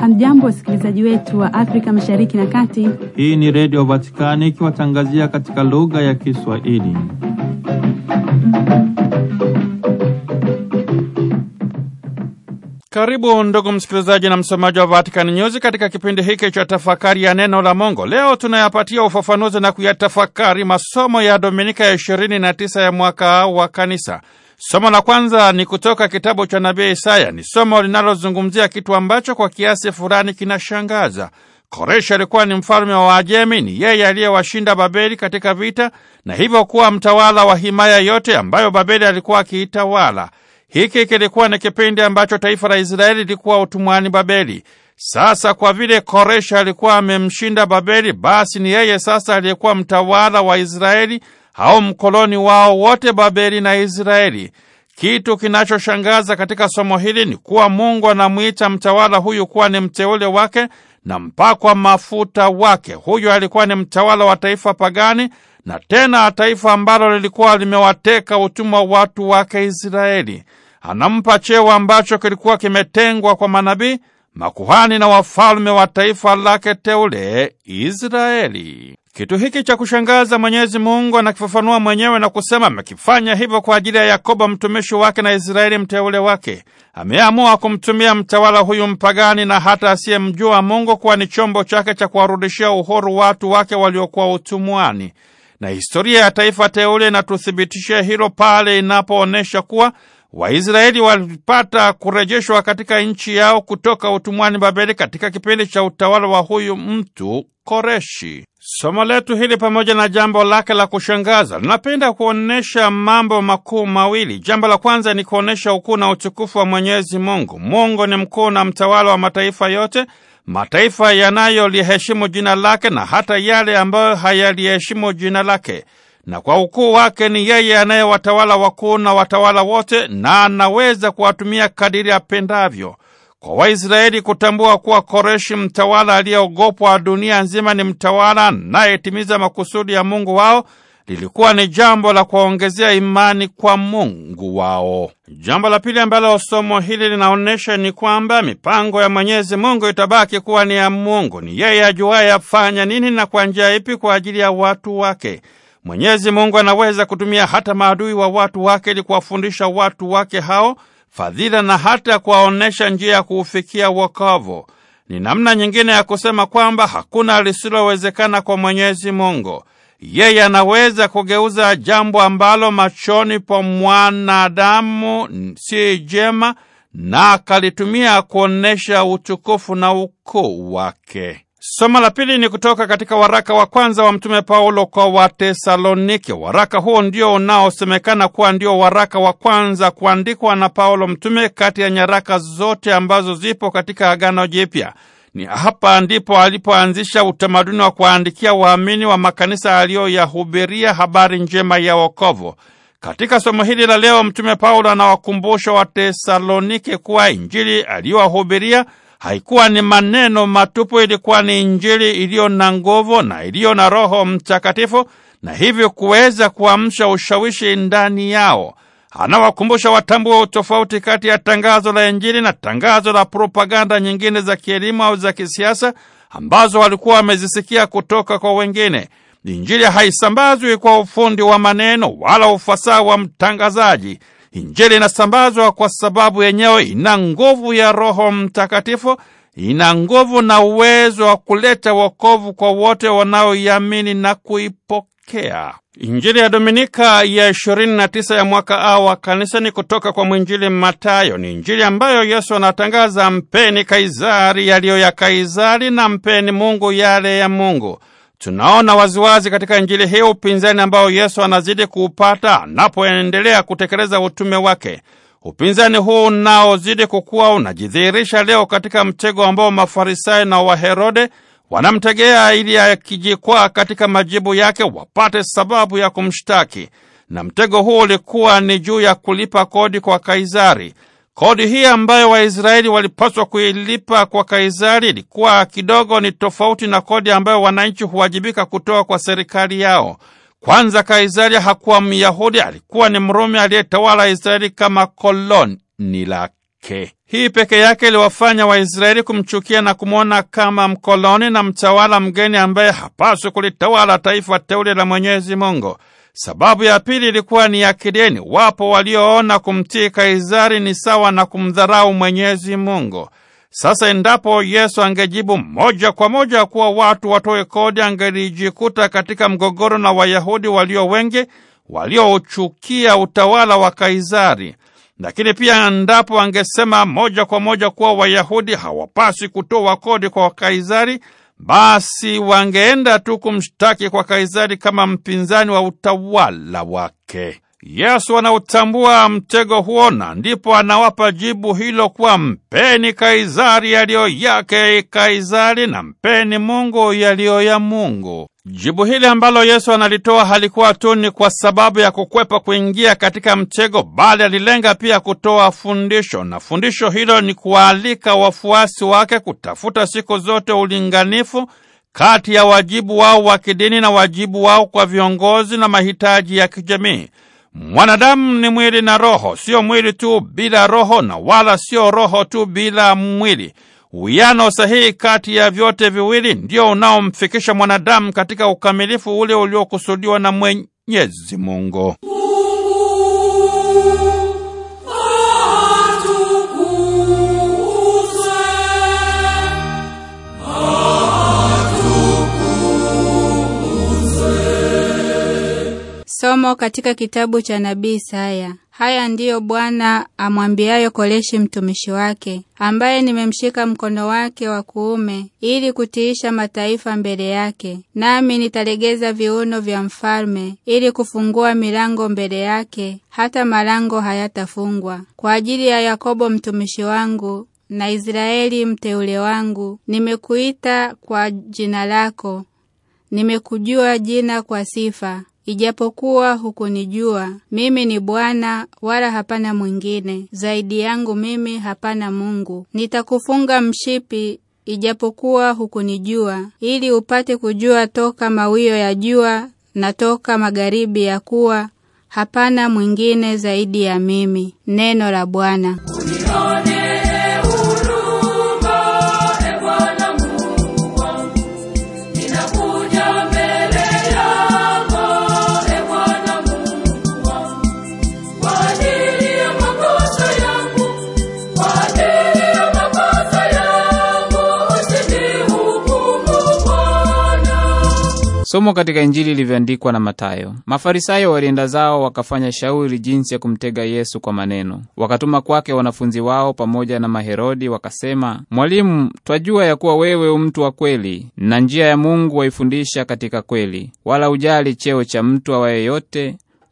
Hamjambo, wasikilizaji wetu wa Afrika Mashariki na Kati. Hii ni Redio Vatikani ikiwatangazia katika lugha ya Kiswahili. Karibu ndugu msikilizaji na msomaji wa Vatican News katika kipindi hiki cha tafakari ya neno la Mungu. Leo tunayapatia ufafanuzi na kuyatafakari masomo ya Dominika ya 29 ya mwaka wa Kanisa. Somo la kwanza ni kutoka kitabu cha nabii Isaya. Ni somo linalozungumzia kitu ambacho kwa kiasi fulani kinashangaza. koreshi alikuwa ni mfalme wa Waajemi, ni yeye aliyewashinda Babeli katika vita na hivyo kuwa mtawala wa himaya yote ambayo Babeli alikuwa akiitawala. Hiki kilikuwa ni kipindi ambacho taifa la Israeli lilikuwa utumwani Babeli. Sasa kwa vile Koresha alikuwa amemshinda Babeli, basi ni yeye sasa aliyekuwa mtawala wa Israeli au mkoloni wao wote Babeli na Israeli. Kitu kinachoshangaza katika somo hili ni kuwa Mungu anamwita mtawala huyu kuwa ni mteule wake na mpakwa mafuta wake. Huyu alikuwa ni mtawala wa taifa pagani na tena taifa ambalo lilikuwa limewateka utumwa watu wake Israeli. Anampa cheo ambacho kilikuwa kimetengwa kwa manabii, makuhani na wafalme wa taifa lake teule Israeli. Kitu hiki cha kushangaza Mwenyezi Mungu anakifafanua mwenyewe na kusema amekifanya hivyo kwa ajili ya Yakobo mtumishi wake na Israeli mteule wake. Ameamua kumtumia mtawala huyu mpagani na hata asiyemjua Mungu kuwa ni chombo chake cha kuwarudishia uhuru watu wake waliokuwa utumwani, na historia ya taifa teule inatuthibitisha hilo pale inapoonyesha kuwa Waisraeli walipata kurejeshwa katika nchi yao kutoka utumwani Babeli katika kipindi cha utawala wa huyu mtu Koreshi. Somo letu hili pamoja na jambo lake la kushangaza linapenda kuonyesha mambo makuu mawili. Jambo la kwanza ni kuonyesha ukuu na utukufu wa Mwenyezi Mungu. Mungu ni mkuu na mtawala wa mataifa yote, mataifa yanayoliheshimu jina lake na hata yale ambayo hayaliheshimu jina lake na kwa ukuu wake ni yeye anayewatawala wakuu na watawala wote, na anaweza kuwatumia kadiri apendavyo. Kwa Waisraeli kutambua kuwa Koreshi, mtawala aliyeogopwa dunia nzima, ni mtawala anayetimiza makusudi ya Mungu wao lilikuwa ni jambo la kuwaongezea imani kwa Mungu wao. Jambo la pili ambalo somo hili linaonyesha ni kwamba mipango ya Mwenyezi Mungu itabaki kuwa ni ya Mungu. Ni yeye ajuaye afanya nini na kwa njia ipi kwa ajili ya watu wake. Mwenyezi Mungu anaweza kutumia hata maadui wa watu wake ili kuwafundisha watu wake hao fadhila na hata kuwaonyesha njia ya kuufikia wokovu. Ni namna nyingine ya kusema kwamba hakuna lisilowezekana kwa Mwenyezi Mungu. Yeye anaweza kugeuza jambo ambalo machoni pa mwanadamu si jema na akalitumia kuonyesha utukufu na ukuu wake. Somo la pili ni kutoka katika waraka wa kwanza wa Mtume Paulo kwa Watesalonike. Waraka huo ndio unaosemekana kuwa ndio waraka wa kwanza kuandikwa na Paulo mtume kati ya nyaraka zote ambazo zipo katika Agano Jipya. Ni hapa ndipo alipoanzisha utamaduni wa kuandikia waamini wa makanisa aliyoyahubiria habari njema ya wokovu. Katika somo hili la leo, Mtume Paulo anawakumbusha Watesalonike kuwa Injili aliyowahubiria haikuwa ni maneno matupu, ilikuwa ni Injili iliyo na nguvu na iliyo na Roho Mtakatifu, na hivyo kuweza kuamsha ushawishi ndani yao. Anawakumbusha wa utofauti kati ya tangazo la Injili na tangazo la propaganda nyingine za kielimu au za kisiasa ambazo walikuwa wamezisikia kutoka kwa wengine. Injili haisambazwi kwa ufundi wa maneno wala ufasaha wa mtangazaji Injili inasambazwa kwa sababu yenyewe ina nguvu ya Roho Mtakatifu, ina nguvu na uwezo wa kuleta wokovu kwa wote wanaoiamini na kuipokea. Injili ya Dominika ya 29 ya mwaka A wa kanisa ni kutoka kwa mwinjili Matayo. Ni injili ambayo Yesu anatangaza, mpeni Kaisari yaliyo ya Kaisari na mpeni Mungu yale ya Mungu. Tunaona waziwazi katika Injili hii upinzani ambao Yesu anazidi kuupata anapoendelea kutekeleza utume wake. Upinzani huu unaozidi kukua unajidhihirisha leo katika mtego ambao Mafarisayo na Waherode wanamtegea ili akijikwaa katika majibu yake wapate sababu ya kumshtaki. Na mtego huu ulikuwa ni juu ya kulipa kodi kwa Kaisari. Kodi hii ambayo Waisraeli walipaswa kuilipa kwa Kaisari ilikuwa kidogo ni tofauti na kodi ambayo wananchi huwajibika kutoa kwa serikali yao. Kwanza, Kaisari hakuwa Myahudi, alikuwa ni Mrumi aliyetawala Israeli kama koloni lake. Hii peke yake iliwafanya Waisraeli kumchukia na kumwona kama mkoloni na mtawala mgeni ambaye hapaswi kulitawala taifa teule la Mwenyezi Mungu. Sababu ya pili ilikuwa ni ya kideni. Wapo walioona kumtii Kaisari ni sawa na kumdharau Mwenyezi Mungu. Sasa endapo Yesu angejibu moja kwa moja kuwa watu watoe kodi, angelijikuta katika mgogoro na Wayahudi walio wengi waliouchukia utawala wa Kaisari. Lakini pia endapo angesema moja kwa moja kuwa Wayahudi hawapasi kutoa kodi kwa Kaisari, basi wangeenda tu kumshtaki kwa Kaisari kama mpinzani wa utawala wake. Yesu anautambua mtego huo na ndipo anawapa jibu hilo kuwa mpeni Kaisari yaliyo yake Kaisari na mpeni Mungu yaliyo ya Mungu. Jibu hili ambalo Yesu analitoa halikuwa tu ni kwa sababu ya kukwepa kuingia katika mtego, bali alilenga pia kutoa fundisho, na fundisho hilo ni kuwaalika wafuasi wake kutafuta siku zote ulinganifu kati ya wajibu wao wa kidini na wajibu wao kwa viongozi na mahitaji ya kijamii. Mwanadamu ni mwili na roho, sio mwili tu bila roho, na wala sio roho tu bila mwili. Uwiano sahihi kati ya vyote viwili ndio unaomfikisha mwanadamu katika ukamilifu ule uliokusudiwa na Mwenyezi Mungu. Somo katika kitabu cha nabii Isaya. Haya ndiyo Bwana amwambiayo Koreshi mtumishi wake, ambaye nimemshika mkono wake wa kuume ili kutiisha mataifa mbele yake. Nami nitalegeza viuno vya mfalme ili kufungua milango mbele yake, hata malango hayatafungwa. Kwa ajili ya Yakobo mtumishi wangu na Israeli mteule wangu, nimekuita kwa jina lako, nimekujua jina kwa sifa ijapokuwa hukunijua. Mimi ni Bwana, wala hapana mwingine; zaidi yangu mimi hapana Mungu. Nitakufunga mshipi ijapokuwa hukunijua, ili upate kujua toka mawio ya jua na toka magharibi ya kuwa hapana mwingine zaidi ya mimi. Neno la Bwana. Somo katika Injili ilivyoandikwa na Matayo. Mafarisayo walienda zao wakafanya shauri jinsi ya kumtega Yesu kwa maneno. Wakatuma kwake wanafunzi wao pamoja na Maherodi wakasema, Mwalimu, twajua ya kuwa wewe u mtu wa kweli na njia ya Mungu waifundisha katika kweli, wala ujali cheo cha mtu awaye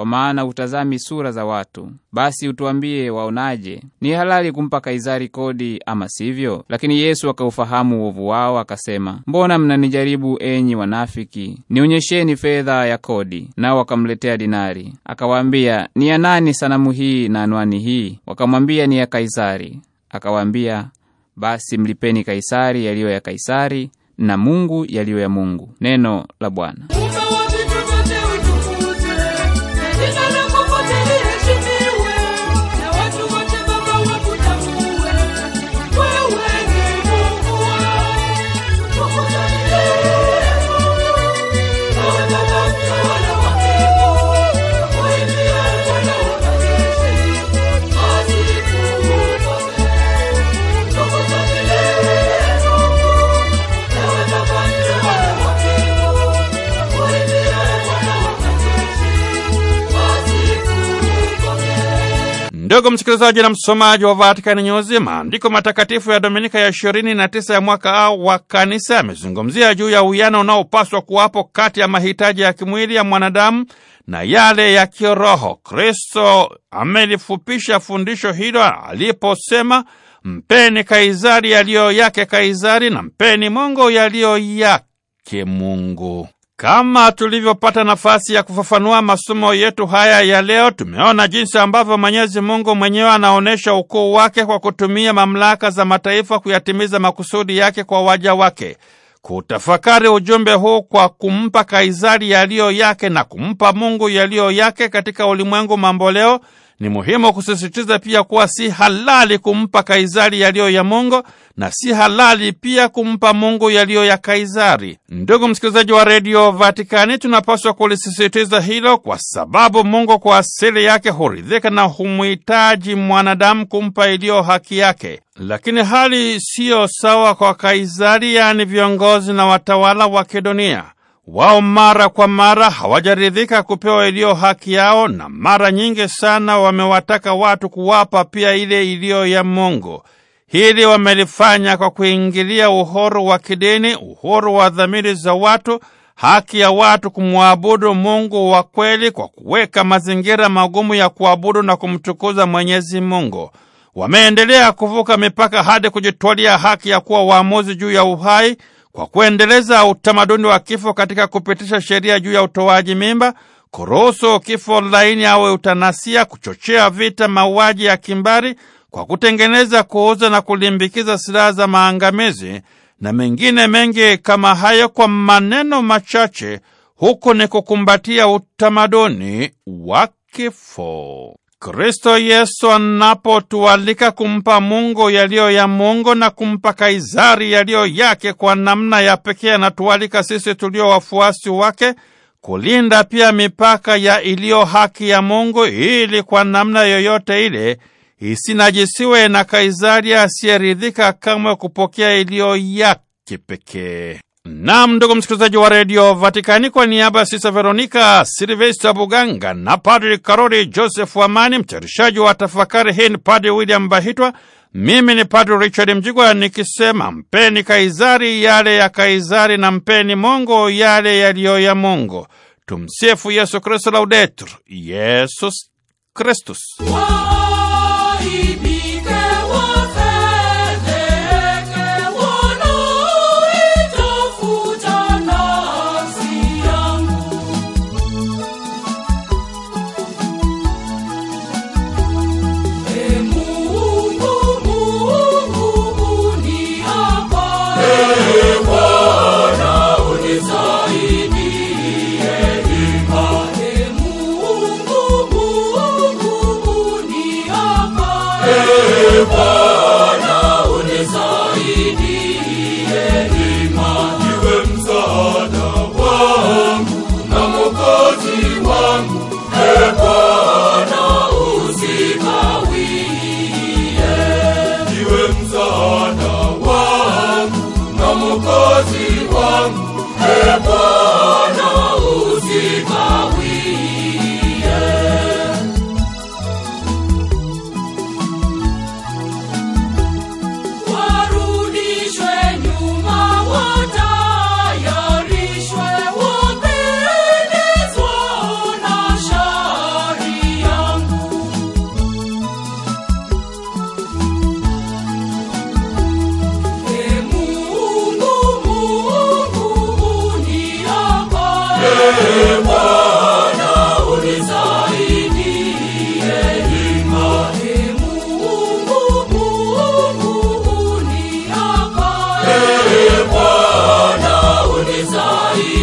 kwa maana hutazami sura za watu. Basi utuambie waonaje? Ni halali kumpa Kaisari kodi ama sivyo? Lakini Yesu akaufahamu uovu wao, akasema, mbona mnanijaribu enyi wanafiki? Nionyesheni fedha ya kodi. Nao wakamletea dinari. Akawaambia, ni ya nani sanamu hii na anwani hii? Wakamwambia, ni ya Kaisari. Akawaambia, basi mlipeni Kaisari yaliyo ya Kaisari na Mungu yaliyo ya Mungu. Neno la Bwana. Ndugu msikilizaji na msomaji wa Vatikani News, maandiko matakatifu ya Dominika ya ishirini na tisa ya mwaka A wa Kanisa yamezungumzia juu ya uwiano unaopaswa kuwapo kati ya mahitaji ya kimwili ya mwanadamu na yale ya kiroho. Kristo amelifupisha fundisho hilo aliposema, mpeni Kaisari yaliyo yake Kaisari na mpeni Mungu yaliyo yake Mungu. Kama tulivyopata nafasi ya kufafanua masomo yetu haya ya leo, tumeona jinsi ambavyo Mwenyezi Mungu mwenyewe anaonyesha ukuu wake kwa kutumia mamlaka za mataifa kuyatimiza makusudi yake kwa waja wake. Kutafakari ujumbe huu kwa kumpa Kaisari yaliyo yake na kumpa Mungu yaliyo yake katika ulimwengu mamboleo ni muhimu kusisitiza pia kuwa si halali kumpa Kaisari yaliyo ya Mungu na si halali pia kumpa Mungu yaliyo ya Kaisari. Ndugu msikilizaji wa redio Vatikani, tunapaswa kulisisitiza hilo kwa sababu Mungu kwa asili yake huridhika na humuhitaji mwanadamu kumpa iliyo haki yake, lakini hali siyo sawa kwa Kaisari, yaani viongozi na watawala wa kidunia. Wao mara kwa mara hawajaridhika kupewa iliyo haki yao, na mara nyingi sana wamewataka watu kuwapa pia ile iliyo ya Mungu. Hili wamelifanya kwa kuingilia uhuru wa kidini, uhuru wa dhamiri za watu, haki ya watu kumwabudu Mungu wa kweli, kwa kuweka mazingira magumu ya kuabudu na kumtukuza Mwenyezi Mungu. Wameendelea kuvuka mipaka hadi kujitwalia haki ya kuwa waamuzi juu ya uhai kwa kuendeleza utamaduni wa kifo katika kupitisha sheria juu ya utoaji mimba, kuruhusu kifo laini au eutanasia kuchochea vita, mauaji ya kimbari kwa kutengeneza, kuuza na kulimbikiza silaha za maangamizi na mengine mengi kama hayo. Kwa maneno machache, huku ni kukumbatia utamaduni wa kifo. Kristo Yesu anapotualika kumpa Mungu yaliyo ya Mungu na kumpa Kaisari yaliyo yake, kwa namna ya pekee anatualika sisi tulio wafuasi wake kulinda pia mipaka ya iliyo haki ya Mungu ili kwa namna yoyote ile isinajisiwe na Kaisari asiyeridhika kamwe kupokea iliyo yake pekee Nam, ndugu msikilizaji wa redio Vatikani, kwa niaba ya Sisa Veronika Silvesta Buganga na Padri Karoli joseph wamani mtayarishaji wa tafakari hii ni Padri William Bahitwa. Mimi ni Padri Richard Mjigwa nikisema mpeni Kaizari yale ya Kaizari na mpeni Mungu yale yaliyo ya Mungu. Tumsifu Yesu Kristu, Laudetur Yesus Kristus. Glory.